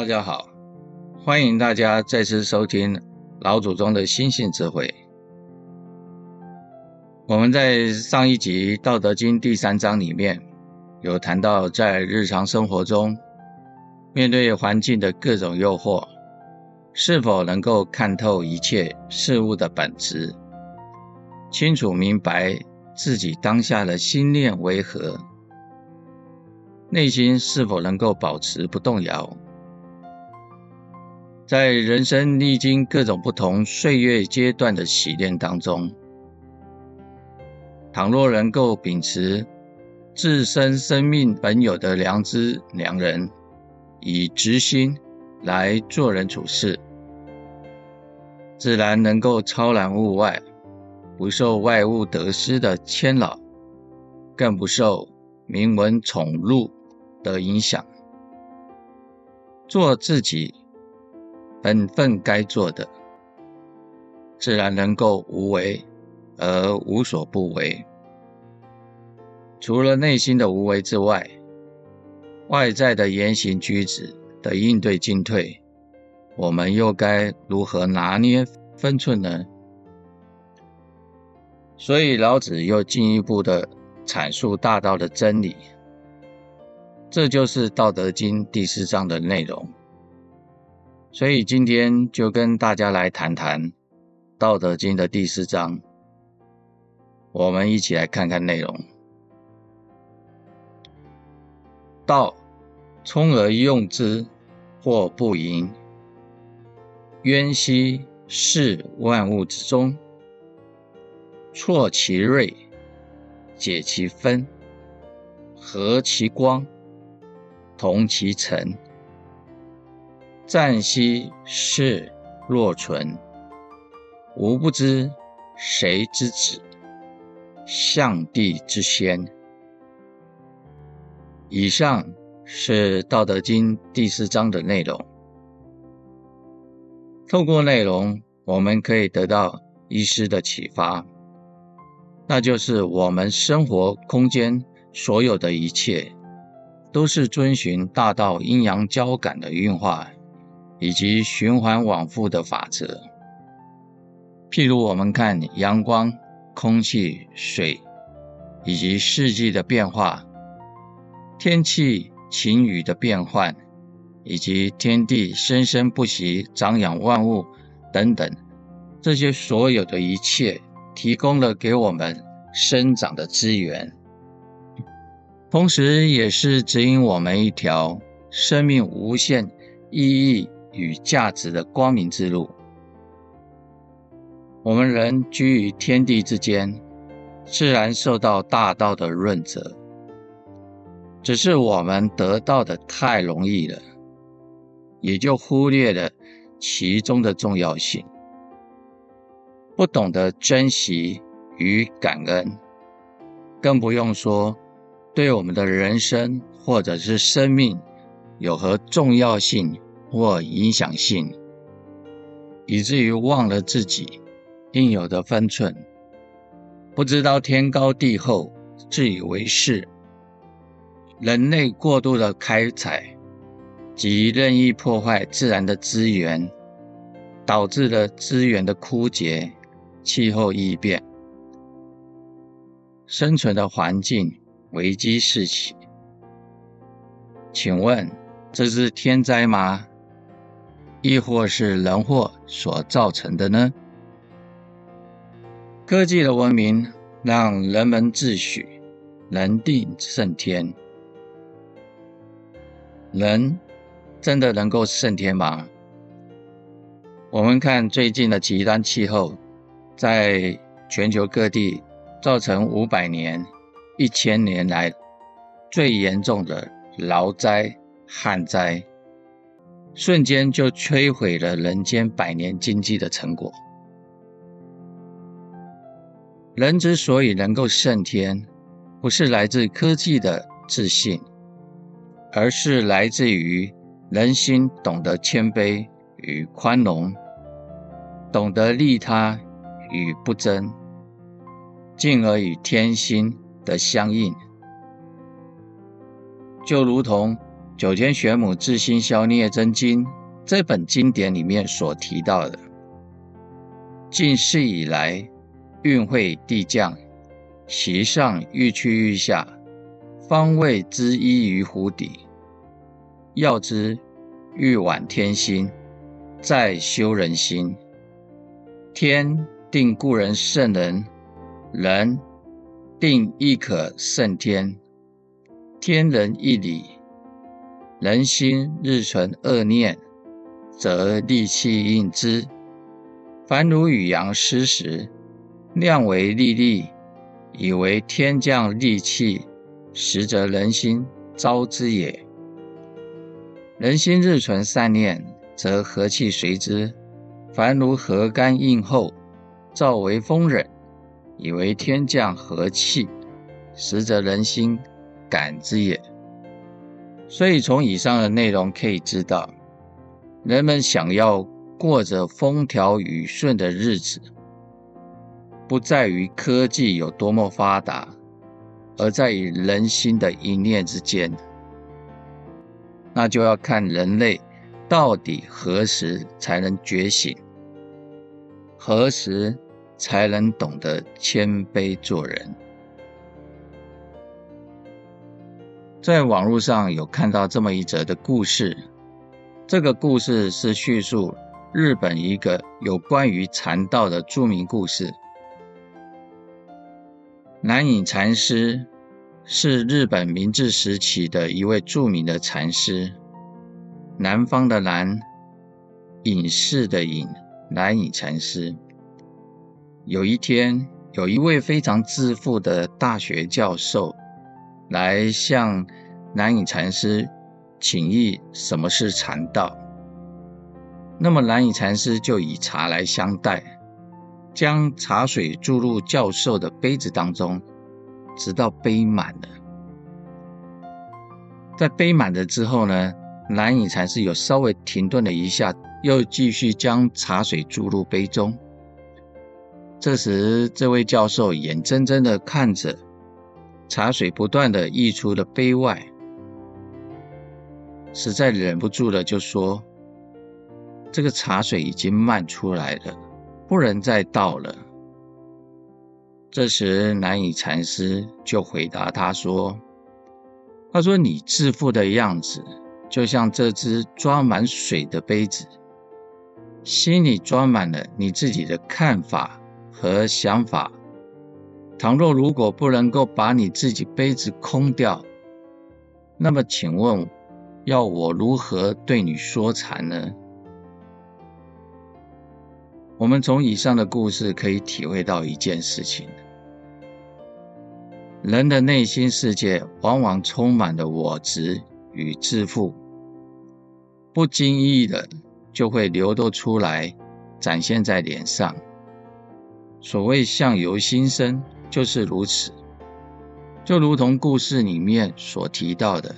大家好，歡迎大家再次收聽老祖宗的心性智慧。我們在上一集《道德經》第三章裡面，有談到在日常生活中，面對環境的各種誘惑，是否能夠看透一切事物的本質，清楚明白自己當下的心念為何，內心是否能夠保持不動搖。在人生歷經各種不同歲月階段的洗練當中，倘若能夠秉持自身生命本有的良知良人，以直心來做人處事，自然能夠超然物外，不受外物得失的牽擾，更不受名聞寵祿的影響，做自己。本分該做的，自然能夠無為而無所不為。除了內心的無為之外，外在的言行舉止的應對進退，我們又該如何拿捏分寸呢？所以老子又進一步的闡述大道的真理。這就是《道德經》第四章的內容。所以今天就跟大家來談談《道德經》的第四章，我們一起來看看內容。道，沖而用之，或不盈。淵兮，似萬物之宗。挫其銳，解其紛，和其光，同其塵。湛兮似若存，吾不知誰之子，象帝之先。以上是《道德經》第四章的內容。透過內容，我們可以得到一絲的啟發，那就是我們生活空間所有的一切，都是遵循大道陰陽交感的運化。以及循環往復的法則，譬如我們看陽光、空氣、水以及四季的變化、天氣晴雨的變換，以及天地生生不息、長養萬物等等，這些所有的一切提供了給我們生長的資源，同時，也是指引我們一條生命無限意義。與價值的光明之路，我們人居於天地之間，自然受到大道的潤澤。只是我們得到的太容易了，也就忽略了其中的重要性，不懂得珍惜與感恩，更不用說對我們的人生或者是生命有何重要性，或影響性，以至於忘了自己應有的分寸，不知道天高地厚，自以為是。人類過度的開採及任意破壞自然的資源，導致了資源的枯竭、氣候異變、生存的環境危機四起。請問這是天災嗎？亦或是人禍所造成的呢？科技的文明讓人們自詡“人定勝天”，人真的能夠勝天嗎？我們看最近的極端氣候，在全球各地造成五百年、一千年來最嚴重的澇災、旱災。瞬間就摧毀了人間百年經濟的成果。人之所以能夠勝天，不是來自科技的自信，而是來自於人心懂得謙卑與寬容，懂得利他與不爭，進而與天心的相應。就如同，《九天玄母至心消孽真經》這本經典裡面所提到的，近世以來，運會遞降，席上癒趨癒下，方位之一於湖底。要知欲挽天心，在修人心。天定故人勝人，人定亦可勝天。天人一理。人心日存惡念，則戾氣應之；凡如雨陽失時，釀為戾氣，以為天降戾氣，實則人心招之也。人心日存善念，則和氣隨之；凡如和甘應後，造為豐稔，以為天降和氣，實則人心感之也。所以，從以上的內容可以知道，人們想要過着風調雨順的日子，不在於科技有多麼發達，而在於人心的一念之間。那就要看人類到底何時才能覺醒，何時才能懂得謙卑做人。在網絡上有看到這麼一則的故事，這個故事是敘述日本一個有關於禪道的著名故事。南隱禪師是日本明治時期的一位著名的禪師，南方的南，隱士的隱，南隱禪師。有一天，有一位非常自負的大學教授。來向南隱禪師請益，什麼是禪道？那麼南隱禪師就以茶來相待，將茶水注入教授的杯子當中，直到杯滿了。在杯滿了之後呢，南隱禪師又稍微停頓了一下，又繼續將茶水注入杯中。這時，這位教授眼睜睜地看着，茶水不斷地溢出了杯外，實在忍不住了，就說：“這個茶水已經漫出來了，不能再倒了。”這時，南隱禪師就回答他說：“他說你自負的樣子，就像這隻裝滿水的杯子，心裡裝滿了你自己的看法和想法。”倘若如果不能夠把你自己杯子空掉，那麼請問，要我如何對你說禪呢？我們從以上的故事可以體會到一件事情：人的內心世界往往充滿了我執與自負，不經意的就會流露出來，展現在臉上。所謂相由心生。就是如此，就如同故事裡面所提到的，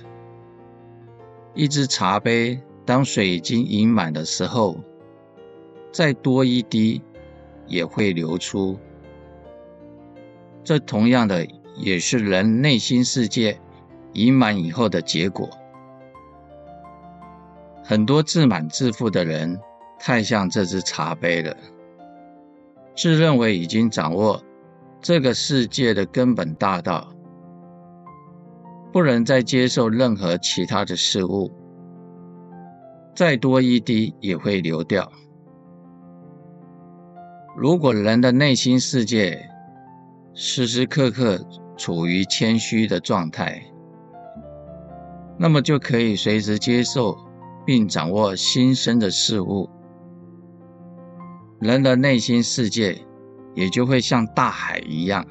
一隻茶杯當水已經盈滿的時候，再多一滴也會流出。這同樣的也是人內心世界盈滿以後的結果。很多自滿自負的人太像這隻茶杯了，自認為已經掌握。這個世界的根本大道，不能再接受任何其他的事物，再多一滴也會流掉。如果人的內心世界時時刻刻處於謙虛的狀態，那麼就可以隨時接受並掌握新生的事物。人的內心世界。也就會像大海一樣，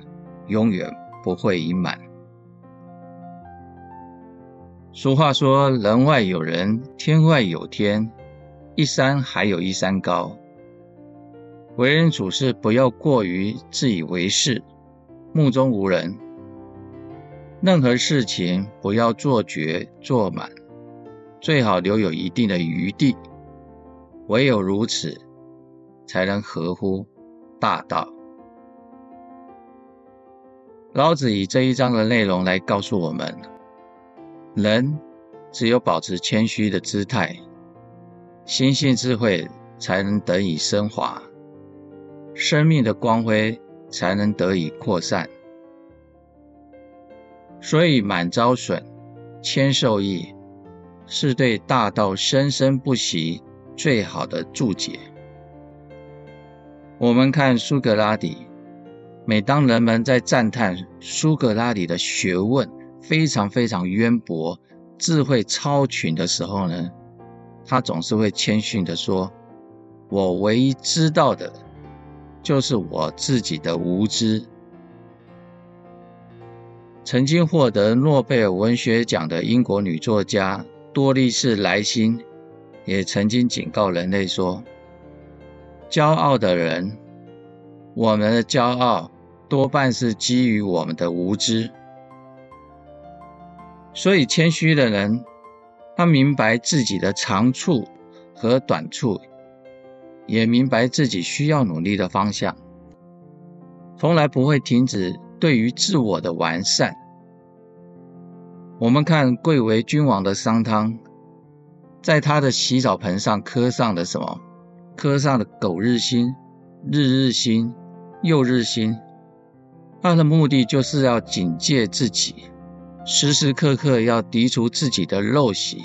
永遠不會盈滿。俗話說：“人外有人，天外有天，一山還有一山高。”為人處事不要過於自以為是、目中無人。任何事情不要做絕、做滿，最好留有一定的餘地。唯有如此，才能合乎。大道。老子以這一章的內容來告訴我們：人只有保持謙虛的姿態，心性智慧才能得以升華，生命的光輝才能得以擴散。所以，滿招損，謙受益，是對大道生生不息最好的注解。我們看蘇格拉底，每當人們在讚嘆蘇格拉底的學問非常非常淵博、智慧超群的時候呢，他總是會謙遜地說：“我唯一知道的，就是我自己的無知。”曾經獲得諾貝爾文學獎的英國女作家多麗絲萊辛，也曾經警告人類說。驕傲的人，我們的驕傲多半是基於我們的無知。所以，謙虛的人，他明白自己的長處和短處，也明白自己需要努力的方向，從來不會停止對於自我的完善。我們看，貴為君王的商湯，在他的洗澡盆上刻上了什麼？科上的“苟日新，日日新，又日新”，他的目的就是要警戒自己，時時刻刻要滌除自己的陋習。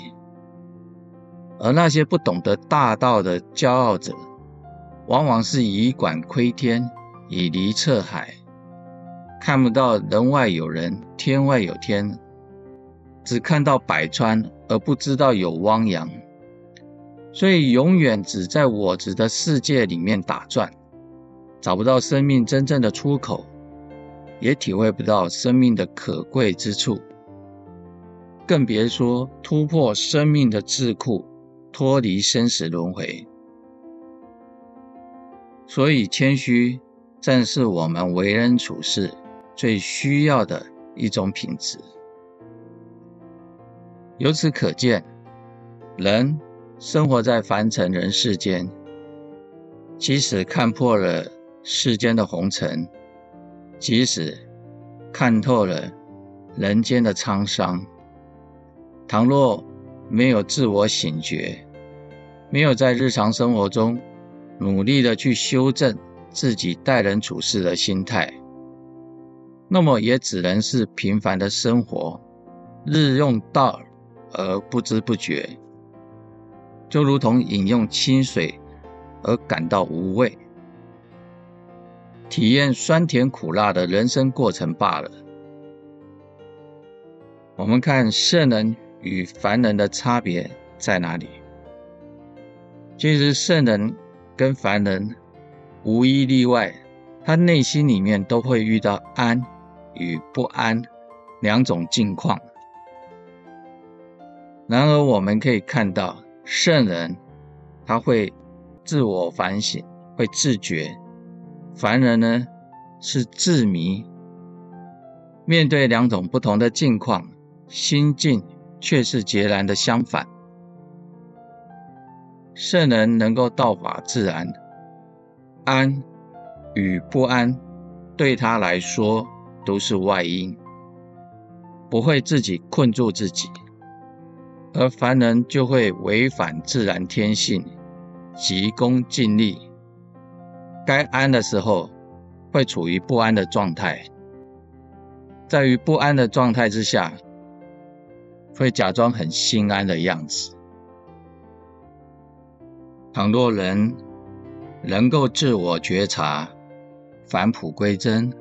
而那些不懂得大道的驕傲者，往往是以管窺天，以蠡測海，看不到人外有人，天外有天，只看到百川而不知道有汪洋。所以永遠只在我執的世界裡面打轉，找不到生命真正的出口，也體會不到生命的可貴之處，更別說突破生命的桎梏，脫離生死輪迴。所以，謙虛正是我們為人處事最需要的一種品質。由此可見，人。生活在凡塵人世間，即使看破了世間的紅塵，即使看透了人間的滄桑，倘若沒有自我醒覺，沒有在日常生活中努力的去修正自己待人處事的心態，那麼也只能是平凡的生活，日用道而不知不覺。就如同飲用清水而感到無味，體驗酸甜苦辣的人生過程罷了。我們看聖人與凡人的差別在哪裡？其實聖人跟凡人無一例外，他內心裡面都會遇到安與不安兩種境況。然而我們可以看到，聖人他會自我反省，會自覺；凡人呢，是自迷。面對兩種不同的境況，心境卻是截然的相反。聖人能夠道法自然，安與不安對他來說都是外因，不會自己困住自己。而凡人就會違反自然天性，急功近利，該安的時候會處於不安的狀態，在於不安的狀態之下，會假裝很心安的樣子。倘若人能夠自我覺察，返璞歸真，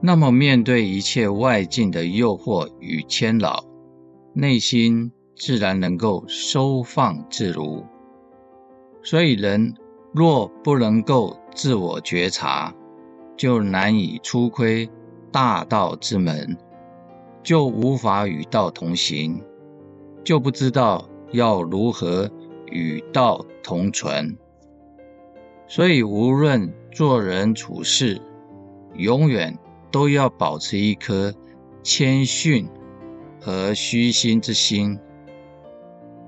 那麼面對一切外境的誘惑與牽擾，內心。自然能夠收放自如。所以，人若不能夠自我覺察，就難以出窺大道之門，就無法與道同行，就不知道要如何與道同存。所以，無論做人處事，永遠都要保持一顆謙遜和虛心之心。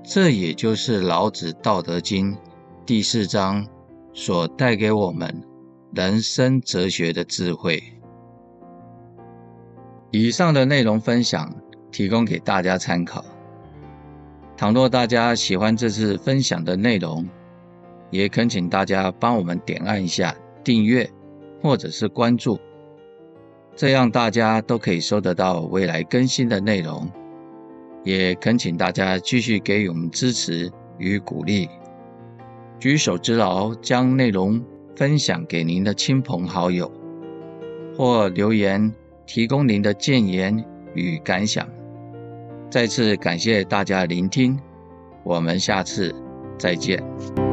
這也就是老子《道德經》第四章所帶給我們人生哲學的智慧。以上的內容分享提供給大家參考。倘若大家喜歡這次分享的內容，也懇請大家幫我們點按一下訂閱或者是關注，這樣大家都可以收得到未來更新的內容。也懇請大家繼續給予我們支持與鼓勵，舉手之勞將內容分享給您的親朋好友，或留言提供您的建言與感想。再次感謝大家聆聽，我們下次再見。